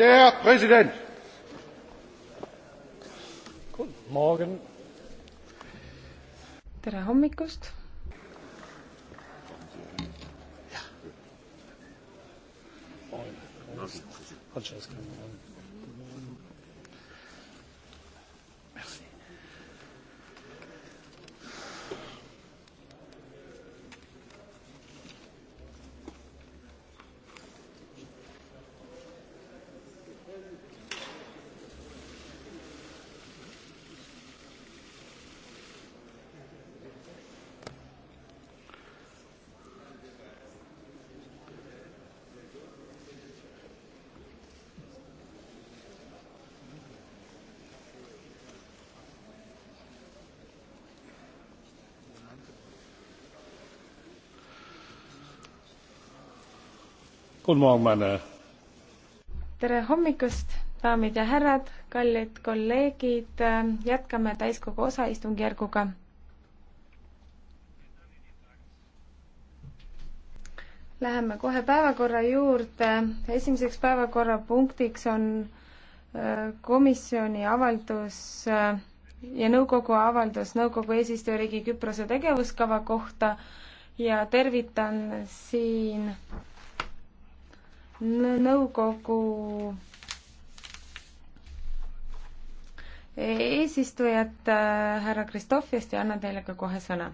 Der Präsident! Guten Morgen. tere hommikust! Francesca. tere hommikust, daamid ja härrad, kallid kolleegid, jätkame täiskogu osaistungjärguga. Läheme kohe päevakorra juurde, esimeseks päevakorrapunktiks on äh, komisjoni avaldus äh, ja nõukogu avaldus nõukogu eesistujariigi Küprose tegevuskava kohta ja tervitan siin nõukogu eesistujat äh, härra Kristofjast ja annan teile ka kohe sõna.